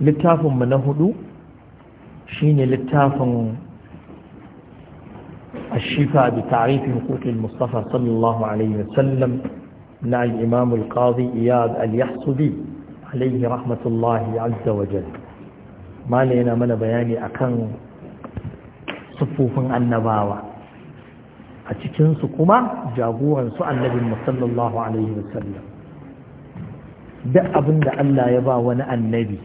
littafinmu na hudu shine littafin ashifa da tarifin kotun mustafa sallallahu na al’imamu al-qadhi iyad al-yahsubi alaihi rahmatullahi azza wa yana mana bayani akan siffofin annabawa a cikinsu kuma jagoransu annabin sallallahu alaihi wasallam duk abin da allah ya ba wani annabi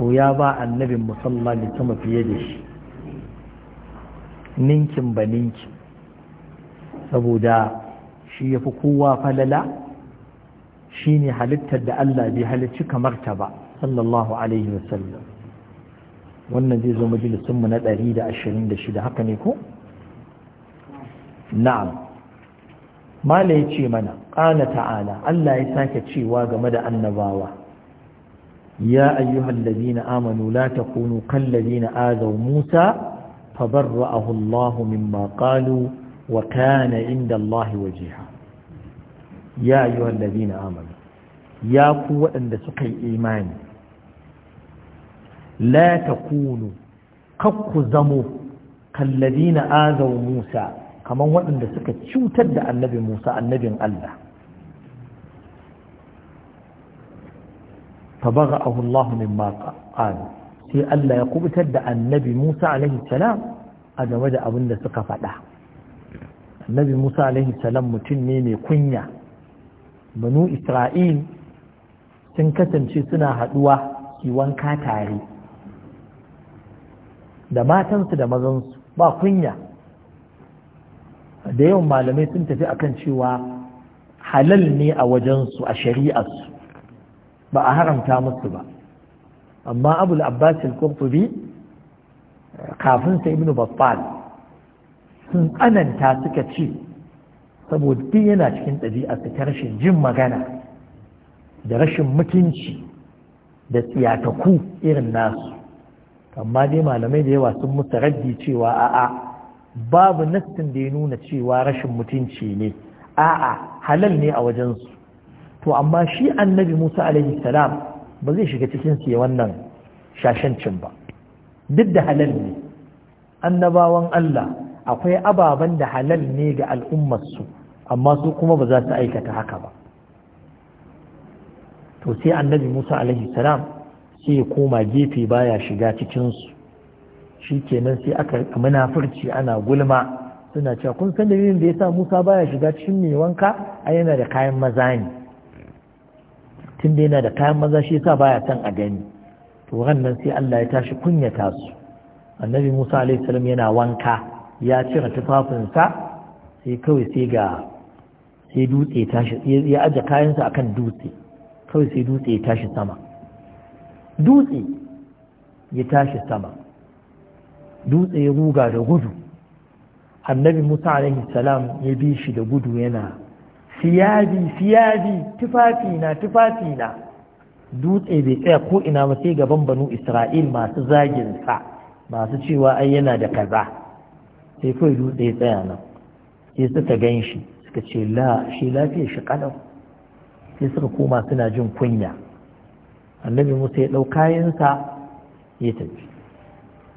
to ya ba annabin musamman litama fiye da shi ninkin ba ninkin saboda shi ya fi kowa falala shi ne halittar da Allah bai halicci kamar ta ba sallallahu alaihi wasallam wannan zai zo majalisunmu na 126 haka ne ko? na'am mala ya ce mana ƙana ta'ala Allah ya sake cewa game da annabawa يا أيها الذين آمنوا لا تكونوا كالذين آذوا موسى فبرأه الله مما قالوا وكان عند الله وجيها يا أيها الذين آمنوا يا قوة أن سقي إيمان لا تكونوا قق زموا كالذين آذوا موسى كما وأن سكت شو تدى النبي موسى النبي الله فبغأه الله مما قال في ألا يقبت دع النبي موسى عليه السلام أنا ودع أبن سقف له النبي موسى عليه السلام متني من كنيا بنو إسرائيل سنكتن شي سنة هدوة في وانكا تاري da matansu da mazansu ba kunya da yawan malamai sun tafi akan cewa halal ne a wajensu a shari'arsu ba a haramta musu ba amma abul abbas al-qurtubi kafin sa Ibn battal sun ananta suka ce saboda duk yana cikin ɗabi'a su rashin jin magana da rashin mutunci da tsiyataku irin nasu amma dai malamai da yawa sun musu raddi cewa a'a babu nassin da ya nuna cewa rashin mutunci ne a'a halal ne a wajensu to amma shi annabi Musa alaihi salam ba zai shiga cikin sai wannan shashancin ba duk da halal ne annabawan Allah akwai ababen da halal ne ga al'ummarsu amma su kuma ba za su aikata haka ba to sai annabi Musa alaihi salam sai ya koma gefe baya shiga cikinsu shi kenan sai aka munafurci ana gulma suna cewa kun san dalilin da yasa Musa baya shiga cikin mai wanka a yana da kayan maza ne tun da yana da kayan maza shi yasa baya son a gani to wannan sai Allah ya tashi kunyata su annabi Musa alaihi salam yana wanka ya cire tufafinsa sai kawai sai ga sai dutse tashi ya aje kayansa akan dutse kawai sai dutse ya tashi sama dutse ya tashi sama dutse ya ruga da gudu annabi Musa alaihi salam ya bi shi da gudu yana siyabi siyabi tufafina tufafina dutse bai tsaya ko ina ba sai gaban banu isra'il masu zagin sa masu cewa ai yana da kaza sai kawai dutse ya tsaya nan sai suka gan shi suka ce la shi lafiya shi kalau sai suka koma suna jin kunya annabi musa ya ɗau kayansa ya tafi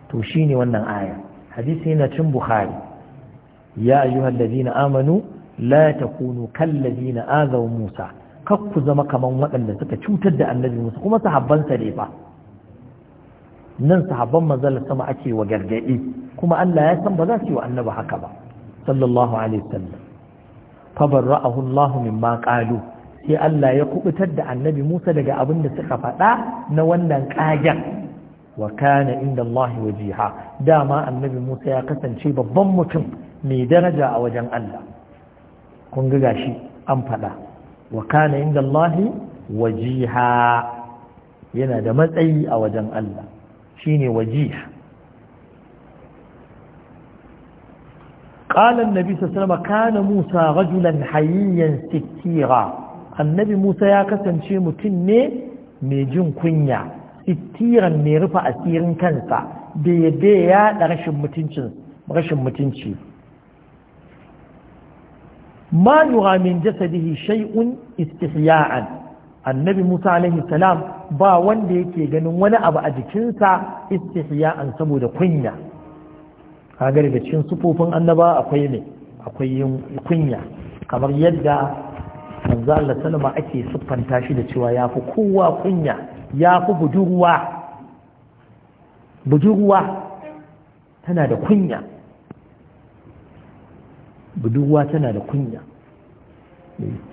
to shine wannan aya hadisi yana cin bukhari ya ayyuhal ladina amanu la takunu na azaw Musa kakku zama kaman waɗanda suka cutar da annabi Musa kuma sahabbansa ne fa nan sahabban manzon sama ake wa gargadi kuma Allah ya san ba za su yi wa annabi haka ba sallallahu alaihi wasallam fa barra'ahu Allah mimma sai Allah ya kubutar da annabi Musa daga abin da suka faɗa na wannan kagen wa kana inda Allah wajiha dama annabi Musa ya kasance babban mutum mai daraja a wajen Allah kun ga gashi an faɗa wa kana inda Allah wajiha yana da matsayi a wajen Allah shine wajiha qala النبي صلى الله عليه kana Musa rajulan hayyan حييا ستيرا النبي موسى mai jin kunya sitiran mai rufe asirin kansa bai yadda ya da rashin mutunci ma yura min jasadihi shay'un istihya'an annabi Musa alaihi salam ba wanda yake ganin wani abu a jikinsa istihya'an saboda kunya kaga daga cikin sufofin annaba akwai ne akwai kunya kamar yadda manzo Allah sallama ake siffanta shi da cewa yafi kowa kunya yafi budurwa budurwa tana da kunya budurwa tana da kunya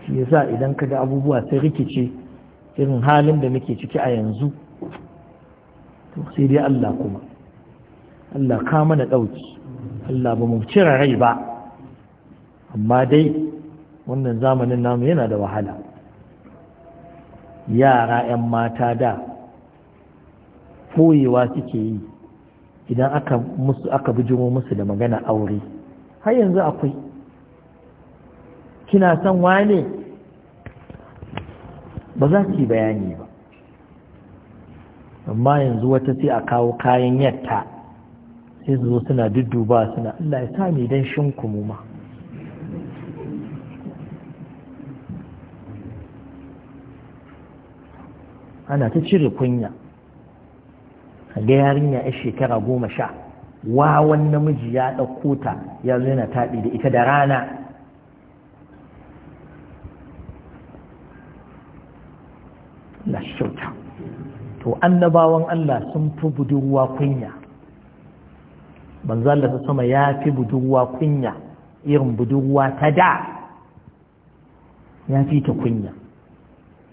shi yasa idan kaga abubuwa sai rikice irin halin da muke ciki a yanzu to sai dai Allah kuma Allah ka mana ɗauki Allah ba mu cire rai ba amma dai wannan zamanin namu yana da wahala yara 'yan mata da koyewa suke yi idan aka musu aka bijiro musu da magana aure har yanzu akwai kina san wane ba za ki bayani ba amma yanzu wata sai a kawo kayan yatta sai su zo suna dudduba suna Allah ya sami don shin kumuma ana ta cire kunya a ga yarinya ya shekara goma sha wawan namiji ya ɗauko ta ya zo yana taɗi da ita da rana to annabawan Allah sun fi budurwa kunya manzo Allah ta sama ya fi budurwa kunya irin budurwa ta da ya fi ta kunya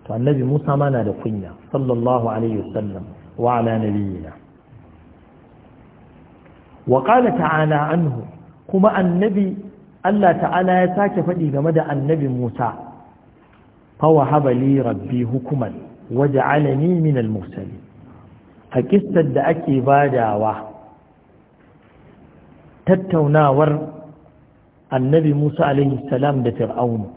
to annabi Musa ma na da kunya sallallahu alaihi wasallam wa ala nabiyina wa qala ta'ala anhu kuma annabi Allah ta'ala ya sake faɗi game da annabi Musa fa wahaba li rabbi hukuman waj'alani min al-mursalin a kissar da ake badawa tattaunawar annabi Musa alaihi salam da fir'aun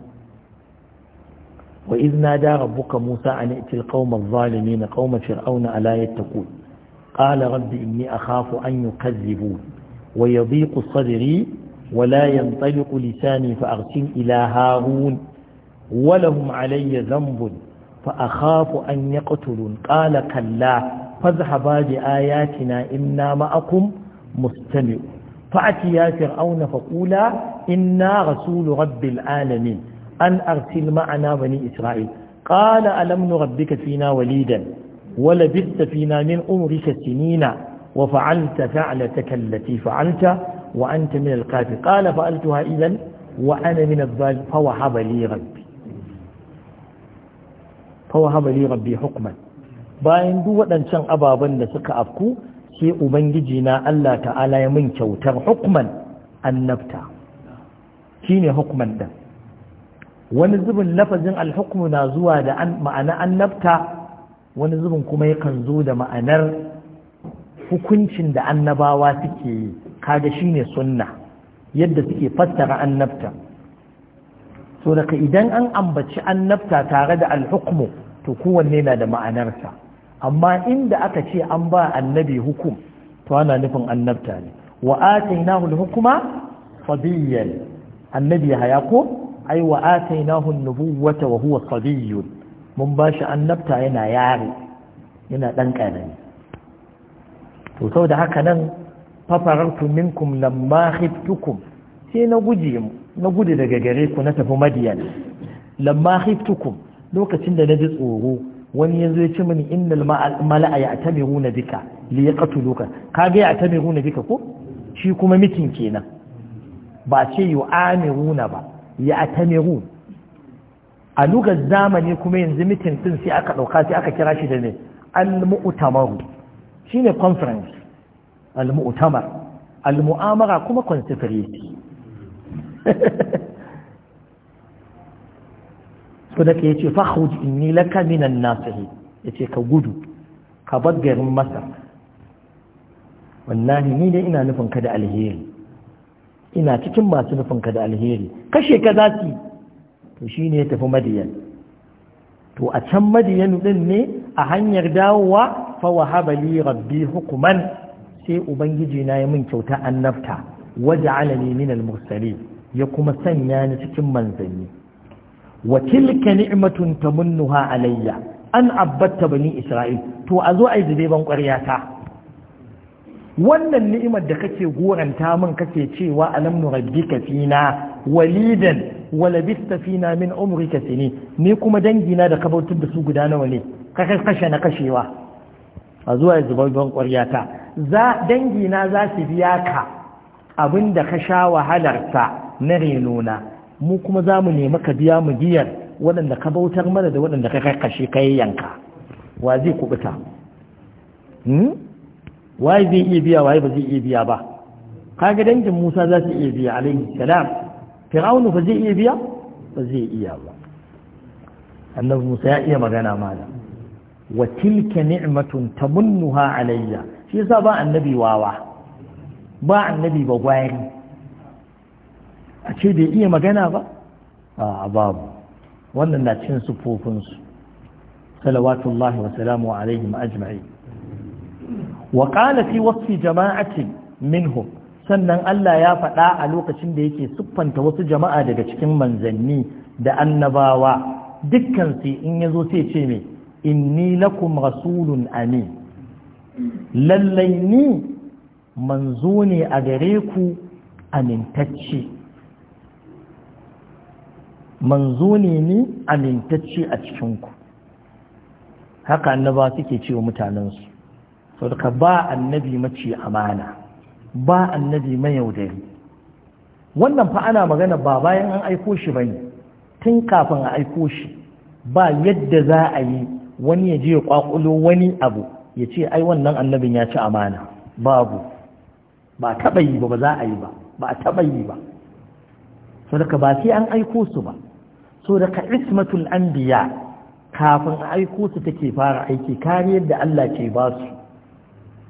wa idh nada rabbuka Musa an itil qauma adh-dhalimin qauma fir'auna ala yattaqun qala rabbi inni akhafu an yukazzibun wa yadhiqu sadri ولا ينطلق لساني فأرسل إلى هارون ولهم علي ذنب fa akhafu an yaqtulun Ƙala kalla fadhhaba bi ayatina inna ma'akum mustami'un fa'atiya fir'auna faqula inna rasulu rabbil alamin an arsil ma'ana bani isra'il qala alam nurabbika fina walidan ولبثت فينا من wa سنين وفعلت فعلتك التي فعلت وأنت من الكافر قال فعلتها إذا وأنا من الظالم فوهب لي ربي فوهب لي ربي حكما bayan duk waɗancan ababen da suka afku sai ubangiji na Allah ta'ala ya min kyautar hukman annabta ne hukman ɗin wani zubin lafazin alhukmu na zuwa da ma'ana annabta wani zubin kuma yakan zo da ma'anar hukuncin da annabawa suke kaga shine sunna yadda suke fassara annabta so daga idan an ambaci annabta tare da alhukmu to kowanne na da ma'anarsa amma inda aka ce an ba annabi hukum to ana nufin annabta ne wa atainahu alhukma sabiyan annabi haya ko ai wa atainahu an-nubuwata wa huwa sabiyun mun bashi annabta yana yare yana dan karami to saboda haka nan fafarartu minkum lamma khiftukum sai na guje mu na gudu daga gare ku na tafi madiyan lamma khiftukum lokacin da naji tsoro wani yanzu ya ce mini innal mala'a ya runa bika li yaqtuluka kage runa bika ko shi kuma mitin kenan ba ce yu'amiruna ba ya ya'tamirun a lugar zamani kuma yanzu mitin din sai aka dauka sai aka kira shi da ne al-mu'tamaru shine conference al-mu'tamar al-mu'amara kuma conference so da ke ce fahuj inni laka minan nasihi ya ka gudu ka bar garin masar wallahi ni dai ina nufin ka da alheri ina cikin masu nufin ka da alheri kashe ka za su to shi ne ya tafi madiyan to a can madiyan din ne a hanyar dawowa fa wahaba li rabbi hukuman sai ubangiji na ya min kyauta annabta waja'alani min al-mursalin ya kuma sanya ni cikin manzanni wa tilka ni'matun tamunnuha alayya an abbatta bani isra'il to a zo ai zube ban ta wannan ni'imar da kake goranta min kake cewa alam nurabbika fina walidan wa labista fina min umrika sini ni kuma dangina da kabautar da su guda nawa ne ka kashe na kashewa a zuwa zubar ban ƙwarya ta za dangina za su biya ka abin da ka sha wahalarsa na renona mu kuma za mu nemi ka biya mu giyar waɗanda ka bautar mana da waɗanda ka karkashe ka yi yanka wa zai kubuta hmm? waye zai iya biya waye ba zai iya biya ba kaga dangin Musa za su iya biya alaihi salam Fir'aunu ba zai iya biya ba zai iya ba annabi Musa ya iya magana mana wa tilka ni'matun tamunnuha alayya shi yasa ba annabi wawa ba annabi ba gwayari a ce bai iya magana ba a babu wannan na cin sufofinsu salawatullahi wa salamu alaihim ajma'i wa qala fi wasfi jama'atin minhum sannan Allah ya faɗa a lokacin da yake siffanta wasu jama'a daga cikin manzanni da annabawa dukkan su in zo sai ce me inni lakum rasulun amin lallai ni manzo ne a gare ku amintacce manzo ne ni amintacce a cikinku haka annaba suke ce wa mutanensu saboda ba annabi mace amana ba annabi mai yaudari wannan fa ana magana ba bayan an aiko shi bane tun kafin a aiko shi ba yadda za a yi wani ya je ya kwakulo wani abu ya ce ai wannan annabin ya ci amana babu ba taɓa yi ba ba za a yi ba ba a taɓa yi ba sadaka ba sai an aiko su ba so daga ismatul anbiya kafin a aiko su take fara aiki kariyar da Allah ke ba su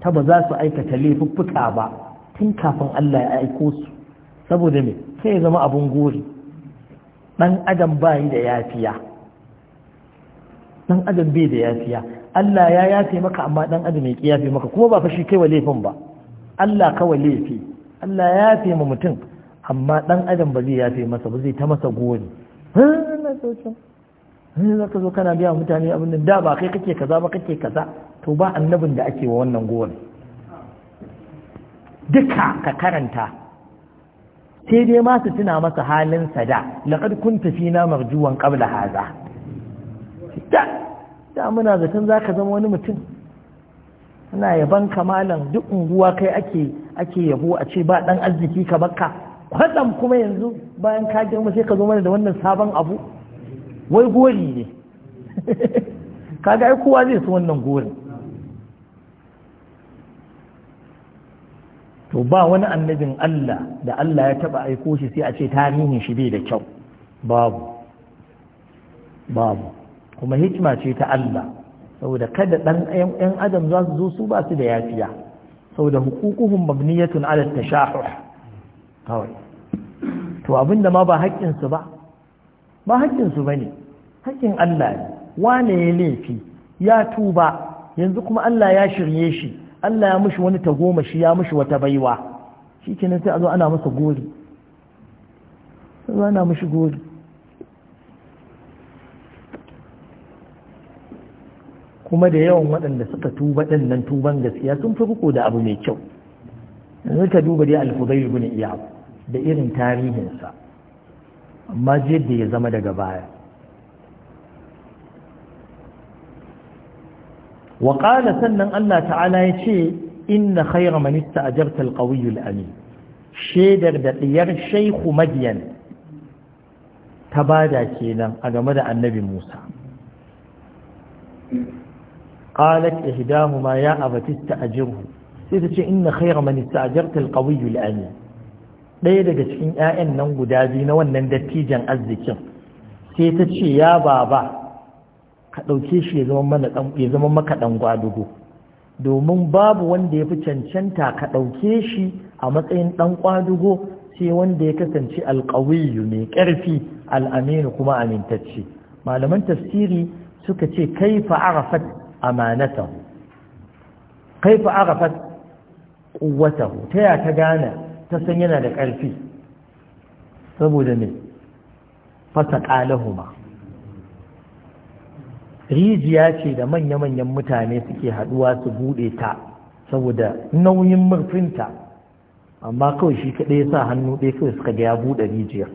ta ba za su aikata laifuffuka ba tun kafin Allah ya aiko su saboda me sai zama abun gori dan adam bai da yafiya dan adam bai da yafiya Allah ya yafe maka amma dan adam ya kiyafe maka kuma ba fa shi kai wa laifin ba Allah kawai laifi Allah ya yafe ma mutum amma dan adam ba zai yafe masa ba zai ta masa gori na hannun zo kana biya mutane abin da ba kai kake kaza ba kake kaza to ba annabin da ake wa wannan gowar duka ka karanta sai dai ma su tuna masa halin sada laƙar kun tafi na marjuwan ƙabla haza da da muna zaton za ka zama wani mutum ana yaban kamalan duk unguwa kai ake ake yabo a ce ba dan arziki ka bakka kwatsam kuma yanzu bayan ka girma sai ka zo mana da wannan sabon abu wai gori ne kaga ai kowa zai su wannan gorin to ba wani annabin Allah da Allah ya taba aiko shi sai a ce tarihin shi bai da kyau babu babu kuma hikima ce ta Allah saboda kada dan yan adam zasu su zo su ba su da yafiya saboda hukukuhum mabniyatun ala tashahuh kawai to abinda ma ba haƙƙinsu ba ba haƙƙinsu ba ne haƙƙin Allah ne wane ya laifi ya tuba yanzu kuma Allah ya shirye shi Allah ya mushi wani tagomashi ya mushi wata baiwa shi ke sai a zo ana masa gori sai ana mushi gori kuma da yawan waɗanda suka tuba ɗin nan tuban gaskiya sun fi riko da abu mai kyau yanzu ka duba dai alfudai ibn iyab da irin tarihinsa amma yadda ya zama daga baya wa sannan Allah ta'ala ya ce inna khaira man a al-qawiyyu al-amin shedar da ɗiyar shaykhu madiyan ta bada kenan a game da annabi Musa qalat ma ya a ista'jirhu sai ta ce inna khayra man ista'jarta al-qawiyyu al-amin ɗaya daga cikin ƴaƴan nan guda biyu na wannan dattijan arzikin sai ta ce ya baba ka ɗauke shi ya zama mana ya zama maka dan gwadugo domin babu wanda ya fi cancanta ka ɗauke shi a matsayin ɗan ƙwadugo sai wanda ya kasance alƙawiyu mai ƙarfi al'aminu kuma amintacce malaman tafsiri suka ce kaifa arafat amanatahu kaifa arafat quwwatahu ta ya ta gane ta san yana da ƙarfi saboda me fasa ƙalahuma rijiya ce da manya-manyan mutane suke haɗuwa su buɗe ta saboda nauyin murfinta amma kawai shi kaɗai ya sa hannu ɗaya kawai suka ga ya buɗe rijiyar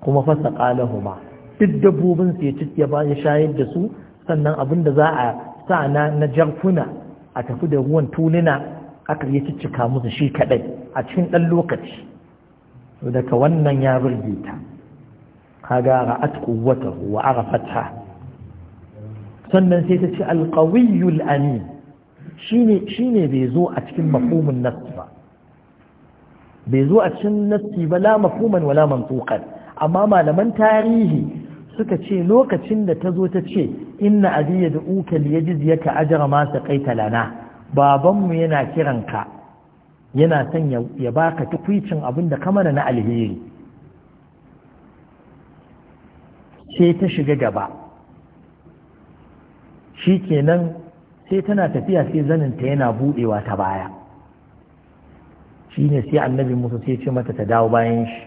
kuma fasa ƙalahuma duk dabbobin su ya ya ba ya shayar da su sannan abin da za a sa na na jarfuna a tafi da ruwan tuluna aka yi ciccika musu shi kaɗai a cikin ɗan lokaci daga wannan ya burge ta kaga ra'at quwwata wa arafatha sannan sai ta ce alqawiyul amin shine shine bai zo a cikin mafhumin nas ba bai zo a cikin nassi ba la mafhuman wala mantuqan amma malaman tarihi suka ce lokacin da ta zo ta ce inna abi yad'uka yaka ajra ma saqaita lana babanmu yana kiranka yana son ya baka tukwicin abin da kamana na alheri sai ta shiga gaba shi kenan sai tana tafiya sai zaninta yana buɗewa ta baya shi ne sai annabi musu sai ce mata ta dawo bayan shi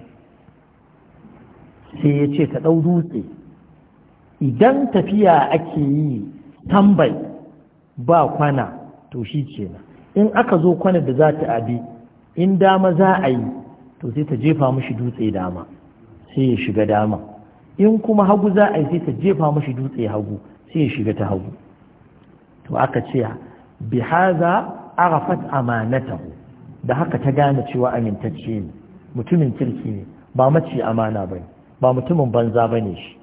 sai ya ce ta ɗau dutse idan tafiya ake yi tambai ba kwana to shi na, in aka zo kwanar da za ta abi in dama za a yi to sai ta jefa mashi dutse dama sai ya shiga dama in kuma hagu za a yi sai ta jefa mashi dutse hagu sai ya shiga ta hagu to aka ce bi haza arafat amanatahu da haka ta gane cewa amintacce ne mutumin kirki ne ba mace amana bane ba mutumin banza bane shi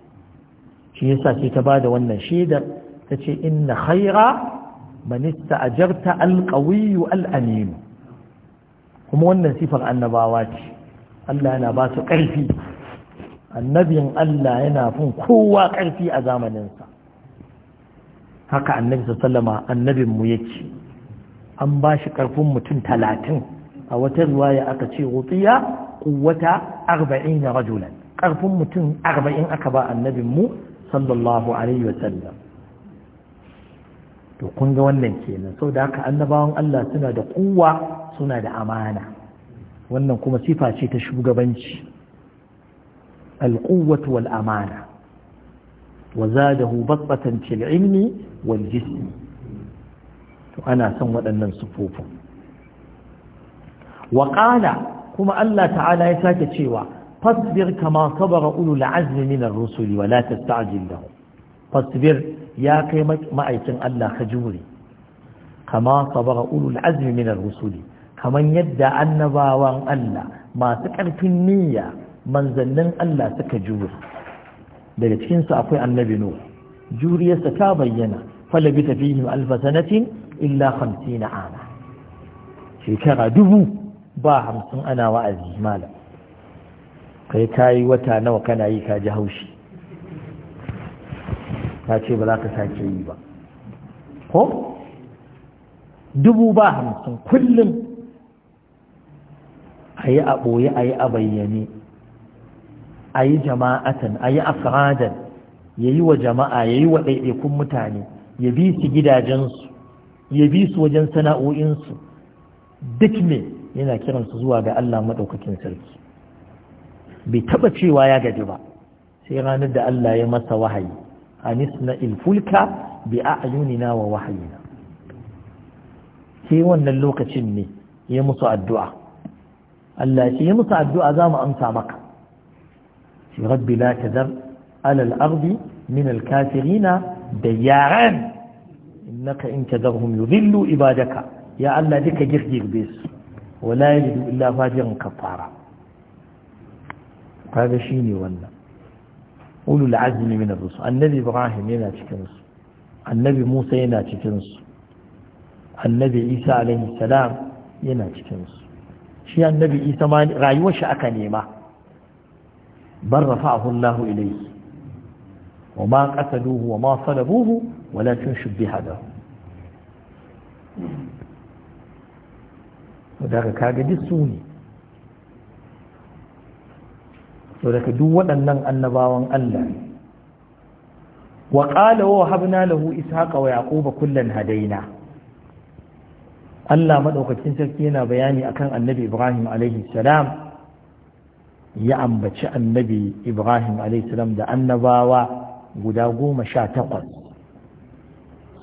shi yasa sai ta bada wannan shaidar ta ce inna khaira manista ajarta alƙawiyu al'aminu kuma wannan sifar annabawa ce Allah yana ba su ƙarfi annabin Allah yana fin kowa ƙarfi a zamaninsa haka annabi sallama annabinmu ce, an ba shi ƙarfin mutum talatin a wata ruwaya aka ce rutsiya kuwata arba'in na rajulan ƙarfin mutum arba'in aka ba annabinmu sallallahu alaihi wasallam to kun ga wannan kenan da haka annabawan Allah suna da kuwa suna da amana wannan kuma sifa ce ta shugabanci alƙuwatu wal amana wa zadahu batatan fil ilmi wal jism to ana son waɗannan sufufin wa qala kuma Allah ta'ala ya sake cewa fasbir kama sabara ulul azmi minar rusuli wa la tasta'jil lahum fasbir ya kai ma'aikin Allah ka jure kama sabara ulul azmi min rusuli kaman yadda annabawan Allah masu ƙarfin niyya manzannin Allah suka jure daga cikin su akwai annabi nu juriyarsa ta bayyana falabi tafihim alfa sanatin illa 50 ana shekara dubu ba hamsin ana wa'azi malam kai kayi wata nawa kana yi ka ji haushi ta ce ba za ka sake yi ba ko dubu ba hamsin kullum a yi a ɓoye a yi a bayyane a yi jama'atan a yi afradan ya yi wa jama'a ya yi wa ɗaiɗaikun mutane ya bi su gidajensu ya bi su wajen sana'o'insu duk me yana kiransu zuwa ga Allah maɗaukakin sarki bai taɓa cewa ya gaji ba sai ranar da Allah ya masa wahayi an isna ilfulka bi a'yunina wa wahayina sai wannan lokacin ne ya musu addu'a Allah ce ya musu addu'a za mu amsa maka shi rabbi la tazar alal ardi min alkafirina da yaran innaka in tadarhum yudhillu ibadaka ya Allah duka girgirbe su wala yajidu illa fajiran kafara kaga shine wannan ulul azmi min ar-rusul annabi ibrahim yana cikin su annabi musa yana cikin su annabi isa alaihi salam yana cikin su shi annabi isa ma rayuwar shi aka nema bar rafa'ahu Allahu ilayhi wa ma qataluhu wa ma salabuhu walakin shubbiha da daga kaga duk su ne to daga duk waɗannan annabawan Allah wa qala wa habna lahu ishaqa wa yaquba kullan hadaina Allah madaukakin sarki yana bayani akan annabi Ibrahim alaihi salam ya ambaci annabi Ibrahim alaihi salam da annabawa guda goma sha takwas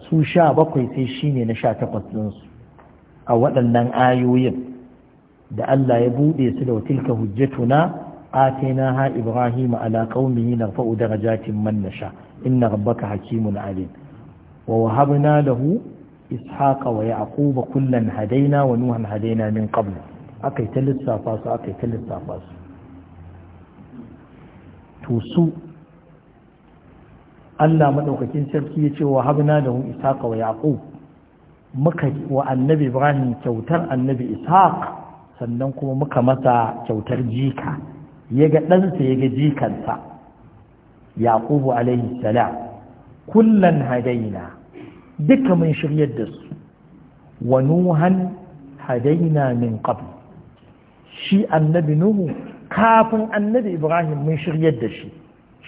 su sha bakwai sai shi ne na sha takwas ɗinsu a waɗannan ayoyin da Allah ya buɗe su da watilka hujjatuna آتيناها إبراهيم على قومه نرفع درجات من نشاء إن ربك حكيم عليم ووهبنا له إسحاق ويعقوب كلا هدينا ونوحا هدينا من قبل أكي تلت سافاس أكي تلت سافاس توسو Allah maɗaukakin sarki ya ce wa habna da ishaqa wa yaqub muka wa annabi ibrahim kyautar annabi ishaq sannan kuma muka masa kyautar jika ya ga ɗansa ya ga jikansa yaƙubu alaihi salam kullum hadaina duka mun shirya da su wa nuhan hadaina min qabl shi annabi nuhu kafin annabi ibrahim mun shiryar da shi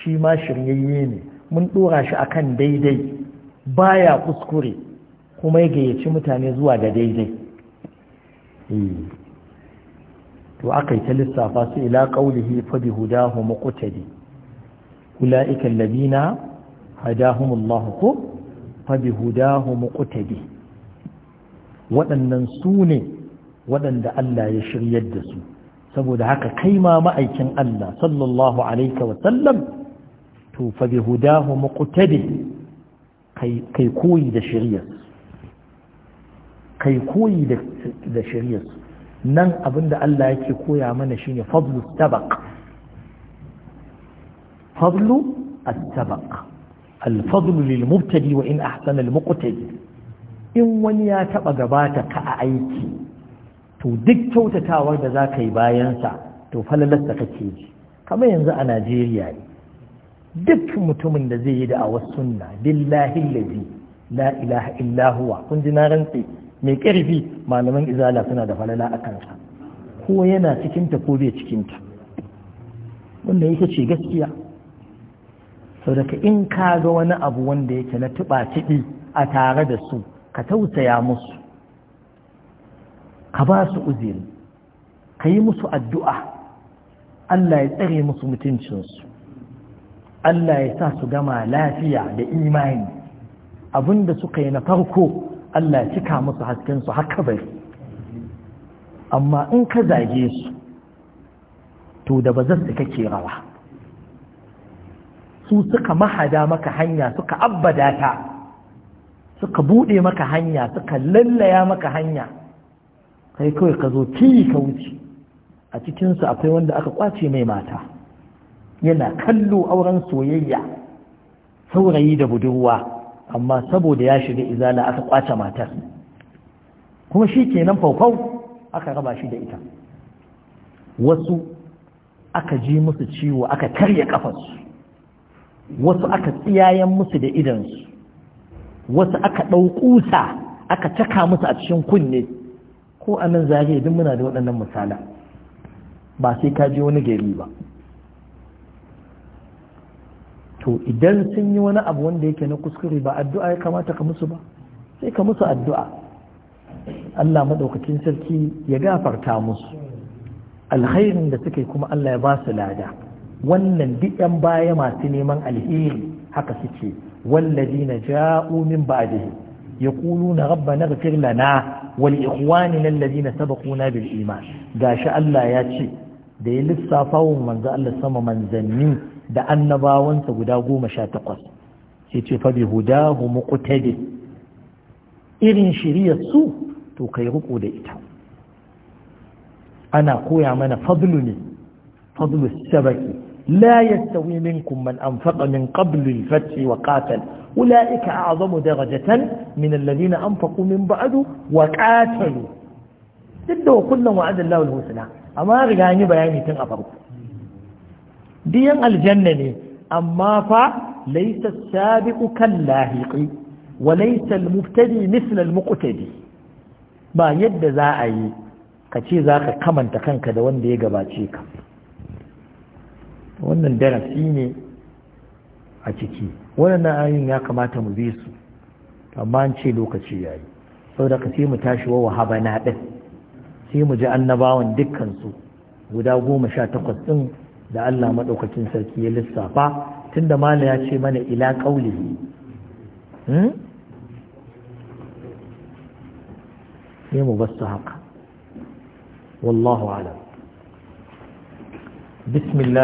shi ma shiryayye ne mun ɗora shi akan daidai baya kuskure kuma ya gayyaci mutane zuwa ga daidai eh. to aka ta lissafa su ila qaulihi fa bi hudahu muqtadi ulaika alladhina hadahum Allah ko fa bi hudahu muqtadi waɗannan su ne waɗanda Allah ya shiryar da su saboda haka kai ma ma'aikin Allah sallallahu alaihi wa sallam to fa bi hudahu muqtadi kai koyi da shiryar kai koyi da shiryar nan abinda Allah yake koya mana shine fadlu tabaq fadlu at-tabaq al-fadlu wa in ahsana al in wani ya taba gabata ka a aiki to duk kyautatawar da ka yi bayansa, to falalarsa kake ji kamar yanzu a Najeriya ne duk mutumin da zai yi da a sunna billahi la ilaha illa huwa kun ji na rantsi mai ƙarfi malaman izala suna da falala a kansa ko yana cikinta ko bai cikinta wannan ita ce gaskiya sau daga in ka ga wani abu wanda yake na tuba tiɗi a tare da su ka tausaya musu ka ba su uziri ka yi musu addu'a Allah ya tsare musu mutuncinsu Allah ya sa su gama lafiya da imani abinda suka yi na farko Allah cika musu hasken su haka bari amma in ka zage su to da ba su kake rawa su suka mahada maka hanya suka abbada ta suka bude maka hanya suka lallaya maka hanya kai kawai ka zo ki ka wuce a cikinsu akwai wanda aka kwace mai mata yana kallo auren soyayya saurayi da budurwa amma saboda ya shiga izala aka kwace matar kuma shi kenan faufau aka raba shi da ita wasu aka ji musu ciwo aka karya kafarsu wasu aka tsiyayen musu da idansu wasu aka ɗauƙusa aka caka musu a cikin kunne ko a nan zagaye duk muna da waɗannan misala ba sai ka ji wani gari ba to idan sun yi wani abu wanda yake na kuskure ba addu'a ya kamata ka musu ba sai ka musu addu'a Allah maɗaukacin sarki ya gafarta musu alkhairin da suke kuma Allah ya ba su lada wannan duk yan baya masu neman alheri haka suke والذين جاءوا من بعدهم يقولون ربنا اغفر لنا ولإخواننا الذين سبقونا بالإيمان قاش Allah ya ce. Da ya lissafa wa الله Allah sama manzanni da annabawansa guda goma sha takwas sai ce fa bihudahu muqtadi irin shiriyar su to kai riko da ita ana koya mana fadlu ne fadlu sabaki la yastawi minkum man anfaqa min qabl al-fath wa qatal ulaika a'zamu darajatan min alladhina anfaqu min ba'du wa qatalu duk da kullum wa'ada Allahu al-husna amma riga ni bayani tun a farko diyan aljanna ne amma fa laysa sabiqu kan lahiqi wa laysa al muktadi mithla ba yadda za a yi ka ce za ka kamanta kanka da wanda ya gabace ka wannan darasi ne a ciki wannan ayin ya kamata mu bi su amma an ce lokaci yayi saboda ka sai mu tashi wa na din sai mu ji annabawan dukkansu guda goma sha takwas ɗin da Allah madaukakin sarki ya lissafa tunda mala ya ce mana ila qauli hmm ne mu basu haka wallahu alam bismillah